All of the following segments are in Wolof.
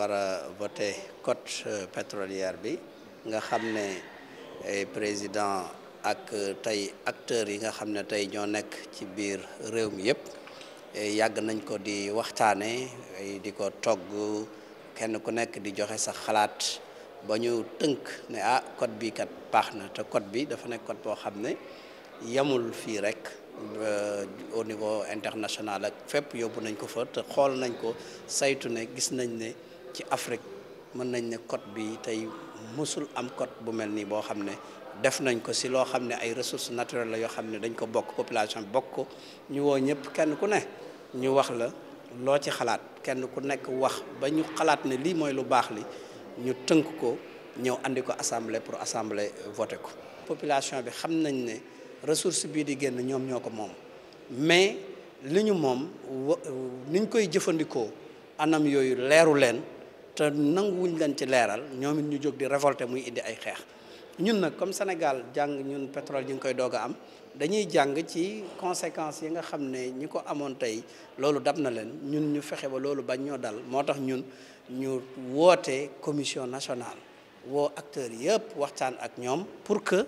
war voté code euh, pétrolière bi nga xamné président ak euh, tay acteur yi nga xamné tay ño nek ci bir réew mi yëpp eh, nañ ko di waxtané eh, di ko togg kenn ku nek di joxe sa xalaat bañu teunk né ah cote bi kat baax té cote bi dafa nek cote bo xamné yamul fi rek au niveau international ak fep yóbbu nañ ko fa te xol nañ ko saytu ne gis nañ ne ci Afrique mën nañ ne code bi tey mosul am code bu mel nii boo xam ne def nañ ko si loo xam ne ay ressources naturelles la yoo xam ne dañ ko bokk population bokk ko ñu woo ñëpp kenn ku ne ñu wax la loo ci xalaat kenn ku nekk wax ba ñu xalaat ne lii mooy lu baax li ñu tënk ko ñëw andi ko assemblée pour assemblée voté ko population bi xam nañ ne ressource bii di génn ñoom ñoo ko moom mais li ñu moom niñ koy jëfandikoo anam yooyu leeru leen te nanguwuñ leen ci leeral ñoom ñu jóg di révolter muy indi ay xeex ñun nag comme Sénégal jàng ñun petrole ñu nga koy doog a am dañuy jàng ci conséquences yi nga xam ne ñi ko amoon tey loolu dab na leen ñun ñu fexe ba loolu bañ ñoo dal moo tax ñun ñu woote commission nationale woo acteur yëpp waxtaan ak ñoom pour que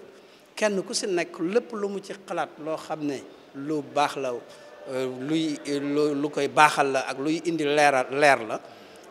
kenn ku si nekk lépp lu mu ci xalaat loo xam ne lu baax la euh, luy lu koy baaxal la ak luy indi leeral leer la